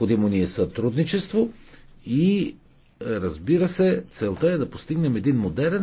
Необходимо ни е сътрудничество и разбира се, целта е да постигнем един модерен